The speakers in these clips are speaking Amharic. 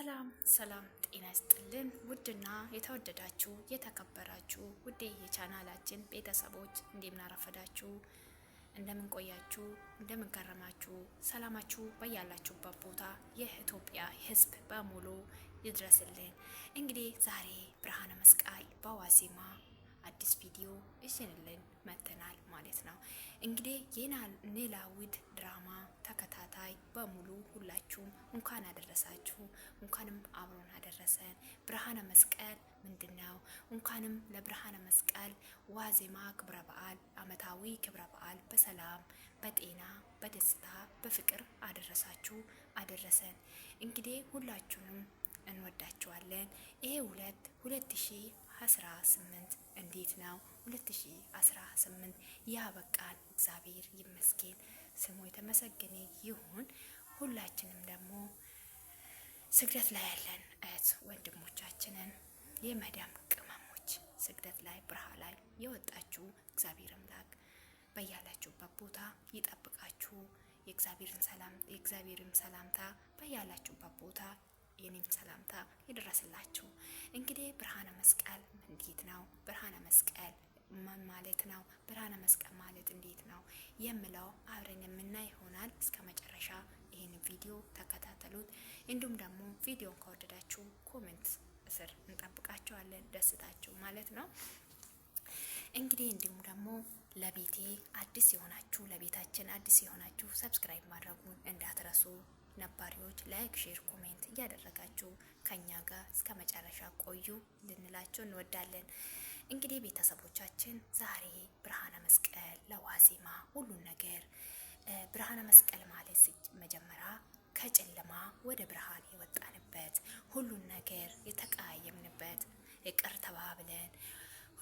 ሰላም ሰላም፣ ጤና ይስጥልን። ውድና የተወደዳችሁ የተከበራችሁ ውዴ የቻናላችን ቤተሰቦች እንደምን አረፈዳችሁ? እንደምን ቆያችሁ? እንደምን ከረማችሁ? ሰላማችሁ በያላችሁበት ቦታ የኢትዮጵያ ሕዝብ በሙሉ ይድረስልን። እንግዲህ ዛሬ ብርሃነ መስቀል በዋዜማ አዲስ ቪዲዮ እሽንልን መተናል ማለት ነው። እንግዲህ የኖላዊት ድራማ ተከታታይ በሙሉ ሁላችሁም እንኳን አደረሳችሁ፣ እንኳንም አብሮን አደረሰን። ብርሃነ መስቀል ምንድን ነው? እንኳንም ለብርሃነ መስቀል ዋዜማ ክብረ በዓል አመታዊ ክብረ በዓል በሰላም በጤና በደስታ በፍቅር አደረሳችሁ አደረሰን። እንግዲህ ሁላችሁንም እንወዳችኋለን። ይሄ ሁለት ሁለት ሺ አስራ ስምንት እንዴት ነው 2018 ያበቃን? እግዚአብሔር ይመስገን፣ ስሙ የተመሰገነ ይሁን። ሁላችንም ደግሞ ስግደት ላይ ያለን እህት ወንድሞቻችንን የመዳም ቅመሞች ስግደት ላይ ብርሃ ላይ የወጣችሁ እግዚአብሔር አምላክ በያላችሁበት ቦታ ይጠብቃችሁ። የእግዚአብሔርን ሰላም የእግዚአብሔርም ሰላምታ በያላችሁበት ቦታ የኔም ሰላምታ ይደረስላችሁ። እንግዲህ ብርሃነ መስቀል እንዴት ነው? ብርሃነ መስቀል ምን ማለት ነው? ብርሃነ መስቀል ማለት እንዴት ነው የምለው አብረን የምናይ ይሆናል። እስከ መጨረሻ ይህን ቪዲዮ ተከታተሉት። እንዲሁም ደግሞ ቪዲዮን ከወደዳችሁ ኮሜንት ስር እንጠብቃችኋለን። ደስታችሁ ማለት ነው። እንግዲህ እንዲሁም ደግሞ ለቤቴ አዲስ የሆናችሁ ለቤታችን አዲስ የሆናችሁ ሰብስክራይብ ማድረጉን እንዳትረሱ። ነባሪዎች ላይክ፣ ሼር፣ ኮሜንት እያደረጋችሁ ከኛ ጋር እስከ መጨረሻ ቆዩ ልንላቸው እንወዳለን። እንግዲህ ቤተሰቦቻችን ዛሬ ብርሃነ መስቀል ለዋዜማ ሁሉን ነገር ብርሃነ መስቀል ማለት መጀመሪያ ከጨለማ ወደ ብርሃን የወጣንበት ሁሉን ነገር የተቃየምንበት ይቅር ተባብለን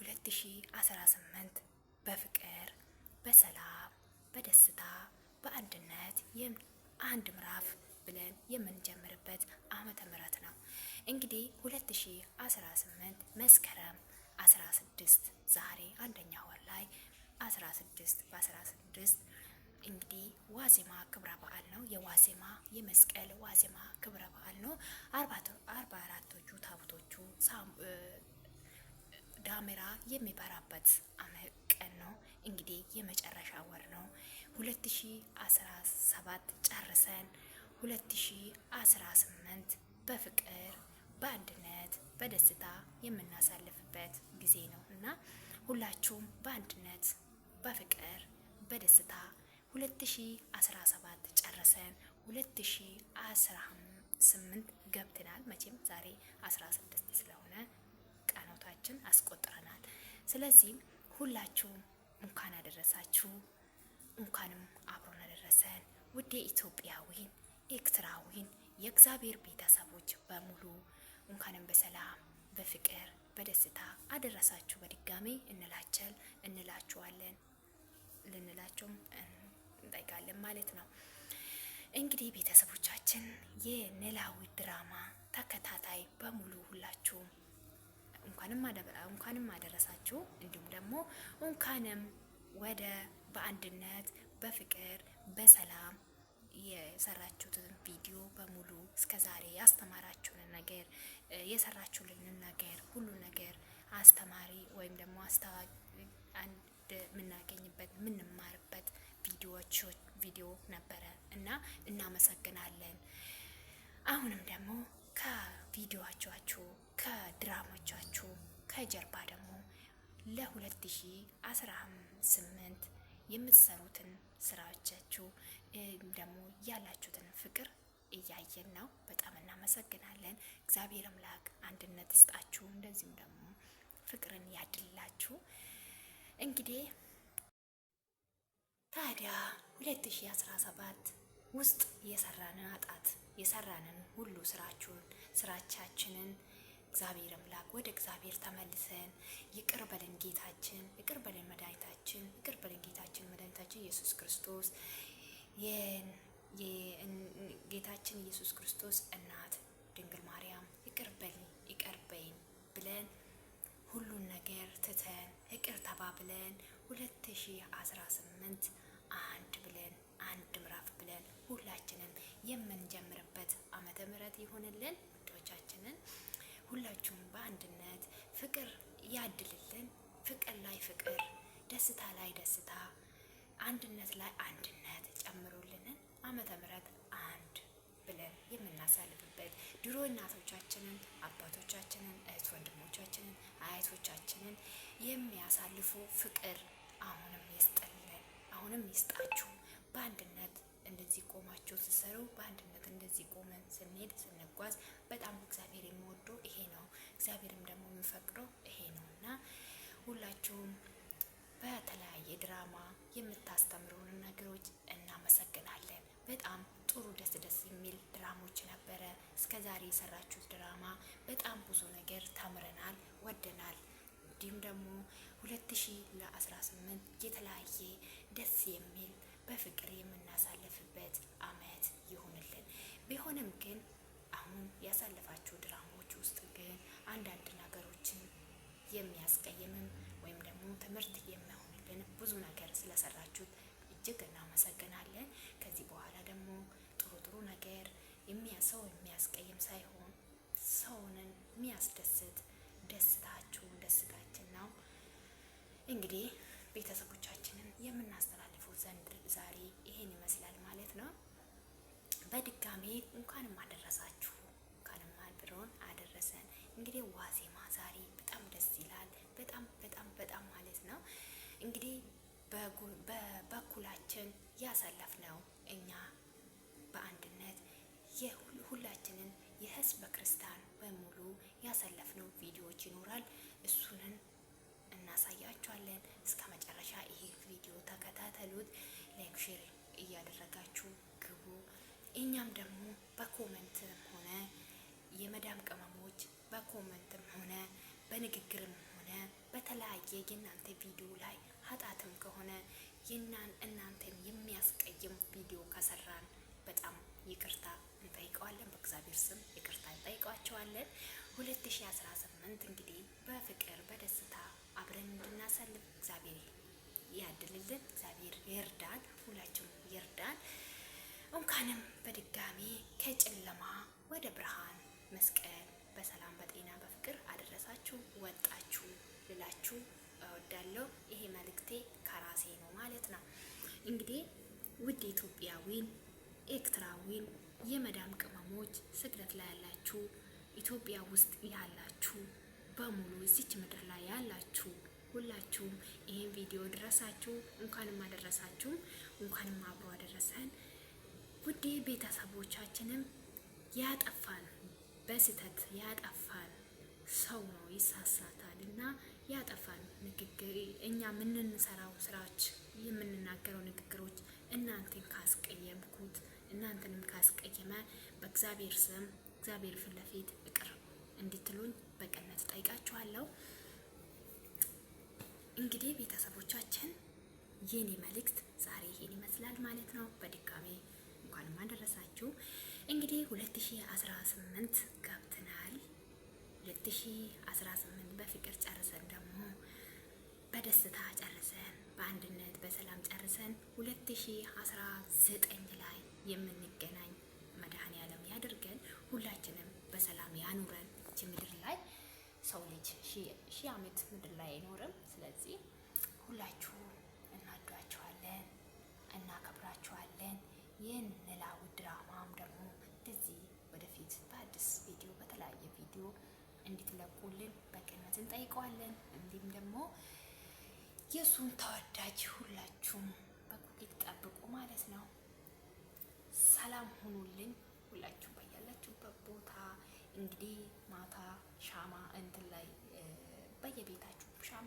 2018 በፍቅር በሰላም በደስታ በአንድነት አንድ ምዕራፍ ብለን የምንጀምርበት ዓመተ ምሕረት ነው። እንግዲህ 2018 መስከረም 16 ዛሬ አንደኛ ወር ላይ 16 በ16 እንግዲህ ዋዜማ ክብረ በዓል ነው። የዋዜማ የመስቀል ዋዜማ ክብረ በዓል ነው። አርባ አራቶቹ ታቦቶቹ ዳሜራ የሚበራበት ቀን ነው። እንግዲህ የመጨረሻ ወር ነው 2017 ጨርሰን 2018 በፍቅር በአንድነት በደስታ የምናሳልፍበት ጊዜ ነው እና ሁላችሁም በአንድነት በፍቅር በደስታ 2017 ጨርሰን 2018 ገብተናል። መቼም ዛሬ 16 ስለሆነ ቀኖታችን አስቆጥረናል። ስለዚህም ሁላችሁም እንኳን አደረሳችሁ፣ እንኳንም አብሮን አደረሰን። ውዴ ኢትዮጵያዊ ኤርትራዊን የእግዚአብሔር ቤተሰቦች በሙሉ እንኳንም በሰላም በፍቅር በደስታ አደረሳችሁ በድጋሚ እንላቸል እንላችኋለን ልንላቸውም እንጠይቃለን ማለት ነው። እንግዲህ ቤተሰቦቻችን የኖላዊ ድራማ ተከታታይ በሙሉ ሁላችሁም እንኳንም አደረሳችሁ፣ እንዲሁም ደግሞ እንኳንም ወደ በአንድነት በፍቅር በሰላም የሰራችሁትን ቪዲዮ በሙሉ እስከ ዛሬ ያስተማራችሁን ነገር የሰራችሁልንን ነገር ሁሉ ነገር አስተማሪ ወይም ደግሞ አስታዋቂ አንድ የምናገኝበት የምንማርበት ቪዲዮዎች ቪዲዮ ነበረ እና እናመሰግናለን። አሁንም ደግሞ ከቪዲዮቻችሁ ከድራሞቻችሁ ከጀርባ ደግሞ ለ ስምንት የምትሰሩትን ስራዎቻችሁ ደግሞ ያላችሁትን ፍቅር እያየን ነው። በጣም እናመሰግናለን። እግዚአብሔር አምላክ አንድነት ይስጣችሁ፣ እንደዚሁም ደግሞ ፍቅርን ያድልላችሁ። እንግዲህ ታዲያ 2017 ውስጥ የሰራንን አጣት የሰራንን ሁሉ ስራችሁን ስራቻችንን እግዚአብሔር አምላክ ወደ እግዚአብሔር ተመልሰን ይቅር በልን ጌታችን፣ ይቅር በልን መድኃኒታችን፣ ይቅር በልን ጌታችን መድኃኒታችን ኢየሱስ ክርስቶስ ጌታችን ኢየሱስ ክርስቶስ እናት ድንግል ማርያም ይቅር በል ይቅር በይን ብለን ሁሉን ነገር ትተን ይቅር ተባብለን 2018 አንድ ብለን አንድ ምዕራፍ ብለን ሁላችንም የምንጀምርበት ዓመተ ምሕረት ይሆንልን ውዶቻችንን ሁላችሁም በአንድነት ፍቅር ያድልልን። ፍቅር ላይ ፍቅር፣ ደስታ ላይ ደስታ፣ አንድነት ላይ አንድነት ጨምሮልንን ዓመተ ምሕረት አንድ ብለን የምናሳልፍበት ድሮ እናቶቻችንን አባቶቻችንን እህት ወንድሞቻችንን አያቶቻችንን የሚያሳልፉ ፍቅር አሁንም ይስጥልን፣ አሁንም ይስጣችሁ በአንድነት እንደዚህ ቆማችሁ ስሰሩ፣ በአንድነት እንደዚህ ቆመን ስንሄድ ስንጓዝ በጣም እግዚአብሔር የሚወደው ይሄ ነው። እግዚአብሔርም ደግሞ የሚፈቅደው ይሄ ነው እና ሁላችሁም በተለያየ ድራማ የምታስተምሩን ነገሮች እናመሰግናለን። በጣም ጥሩ ደስ ደስ የሚል ድራሞች ነበረ። እስከዛሬ የሰራችሁት ድራማ በጣም ብዙ ነገር ተምረናል፣ ወደናል። እንዲሁም ደግሞ ስምንት የተለያየ ደስ የሚል በፍቅር የምናሳልፍበት አመት ይሁንልን። ቢሆንም ግን አሁን ያሳለፋችሁ ድራማዎች ውስጥ ግን አንዳንድ ነገሮችን የሚያስቀይምም ወይም ደግሞ ትምህርት የሚሆንልን ብዙ ነገር ስለሰራችሁት እጅግ እናመሰግናለን። ከዚህ በኋላ ደግሞ ጥሩ ጥሩ ነገር ሰው የሚያስቀይም ሳይሆን ሰውንን የሚያስደስት ደስታችሁን ደስታችን ነው እንግዲህ ቤተሰቦቻችንን የምናስተላለፍ ዘንድ ዛሬ ይሄን ይመስላል ማለት ነው። በድጋሚ እንኳንም አደረሳችሁ። እንኳንም አብሮን አደረሰን። እንግዲህ ዋዜማ ዛሬ በጣም ደስ ይላል። በጣም በጣም በጣም ማለት ነው እንግዲህ በበኩላችን ያሳለፍነው እኛ በአንድነት ሁላችንን የህዝበ ክርስቲያን በሙሉ ያሳለፍነው ቪዲዮዎች ይኖራል። እሱንን እናሳያችኋለን እስከ መጨረሻ ይሄ ቪዲዮ ተከታተሉት። ላይክ ሼር እያደረጋችሁ ግቡ። እኛም ደግሞ በኮመንትም ሆነ የመዳም ቅመሞች በኮመንትም ሆነ በንግግርም ሆነ በተለያየ የእናንተ ቪዲዮ ላይ ኃጢአትም ከሆነ የናን እናንተን የሚያስቀይም ቪዲዮ ከሰራን በጣም ይቅርታ እንጠይቀዋለን። በእግዚአብሔር ስም ይቅርታ እንጠይቀዋቸዋለን። 2018 እንግዲህ በፍቅር በደስታ አብረን እንድናሳልፍ እግዚአብሔር ያድልልን። እግዚአብሔር ይርዳን፣ ሁላችሁም ይርዳን። እንኳንም በድጋሚ ከጨለማ ወደ ብርሃን መስቀል በሰላም በጤና በፍቅር አደረሳችሁ ወጣችሁ ልላችሁ እወዳለሁ። ይሄ መልእክቴ ከራሴ ነው ማለት ነው። እንግዲህ ውድ ኢትዮጵያዊን ኤርትራዊን የመዳም ቅመሞች ስግደት ላይ ያላችሁ ኢትዮጵያ ውስጥ ያላችሁ በሙሉ እዚች ምድር ላይ ያላችሁ ሁላችሁም ይህን ቪዲዮ ድረሳችሁ እንኳንም አደረሳችሁ፣ እንኳንም አብሮ አደረሰን። ውድ ቤተሰቦቻችንም ያጠፋን በስህተት ያጠፋን ሰው ነው ይሳሳታል እና ያጠፋን ንግግር እኛ የምንሰራው ስራዎች የምንናገረው ንግግሮች እናንተን ካስቀየምኩት እናንተንም ካስቀየመ በእግዚአብሔር ስም እግዚአብሔር ፊት ለፊት እቅር እንድትሉኝ በቅነት ጠይቃችኋለሁ። እንግዲህ ቤተሰቦቻችን የኔ መልእክት ዛሬ ይሄን ይመስላል ማለት ነው። በድጋሚ እንኳንም አደረሳችሁ። እንግዲህ 2018 ገብተናል። 2018 በፍቅር ጨርሰን ደግሞ በደስታ ጨርሰን በአንድነት በሰላም ጨርሰን 2019 ላይ የምንገናኝ መድኃኔ ዓለም ያድርገን። ሁላችንም በሰላም ያኑረን ምድር ላይ ሰው ልጅ ሺህ ዓመት ምድር ላይ አይኖርም። ስለዚህ ሁላችሁ እናዷችኋለን፣ እናከብራችኋለን። ይህን ኖላዊ ድራማም ደግሞ እንደዚህ ወደፊት በአዲስ ቪዲዮ በተለያየ ቪዲዮ እንድትለቁልን በቅንነት እንጠይቀዋለን። እንዲሁም ደግሞ የእሱን ተወዳጅ ሁላችሁም በጉጉት ጠብቁ ማለት ነው። ሰላም ሁኑልኝ ሁላችሁም በያላችሁበት ቦታ እንግዲህ ማታ ሻማ እንትን ላይ በየቤታችሁ ሻማ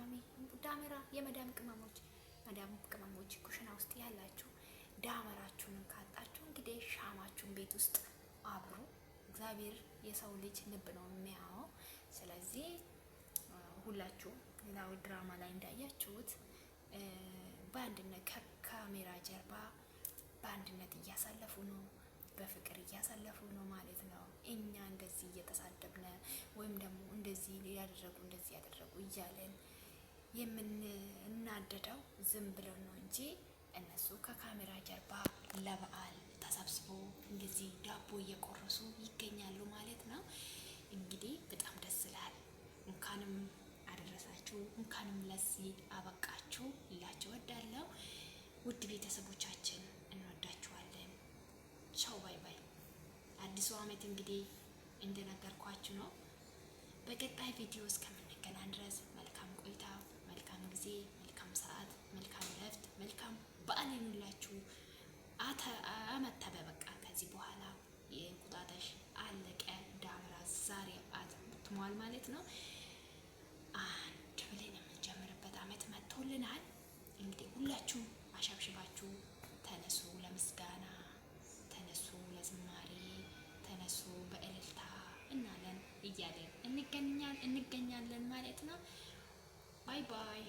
ዳመራ የመዳም ቅመሞች መዳም ቅመሞች ኩሽና ውስጥ ያላችሁ ዳመራችሁንም ካጣችሁ እንግዲህ ሻማችሁን ቤት ውስጥ አብሩ። እግዚአብሔር የሰው ልጅ ልብ ነው የሚያው። ስለዚህ ሁላችሁ ሌላው ድራማ ላይ እንዳያችሁት በአንድነት ከካሜራ ጀርባ በአንድነት እያሳለፉ ነው፣ በፍቅር እያሳለፉ ነው ማለት ነው። እኛ እንደዚህ እየተሳደብነ ወይም ደግሞ እንደዚህ ያደረጉ እንደዚህ ያደረጉ እያለን የምንናደደው ዝም ብለን ነው እንጂ እነሱ ከካሜራ ጀርባ ለበዓል ተሰብስቦ እንደዚህ ዳቦ እየቆረሱ ይገኛሉ ማለት ነው። እንግዲህ በጣም ደስ ይላል። እንኳንም አደረሳችሁ፣ እንኳንም ለዚህ አበቃችሁ ይላችሁ ወዳለው ውድ ቤተሰቦቻችን አዲሱ ዓመት እንግዲህ እንደነገርኳችሁ ነው። በቀጣይ ቪዲዮ እስከምንገናኝ ድረስ መልካም ቆይታ፣ መልካም ጊዜ፣ መልካም ሰዓት፣ መልካም ረፍት፣ መልካም በዓል አመተበ በቃ ከዚህ በኋላ የእንቁጣጣሽ አለቀ ዳምራ ዛሬ አትሟል ማለት ነው። አንድ ብለን የምንጀምርበት አመት መጥቶልናል። እንግዲህ ሁላችሁ አሸብሽባችሁ ተነሱ ለምስጋና ተነሱ ለዝማሬ ተነሱ በእልልታ እናለን እያለን እንገኛለን ማለት ነው። ባይ ባይ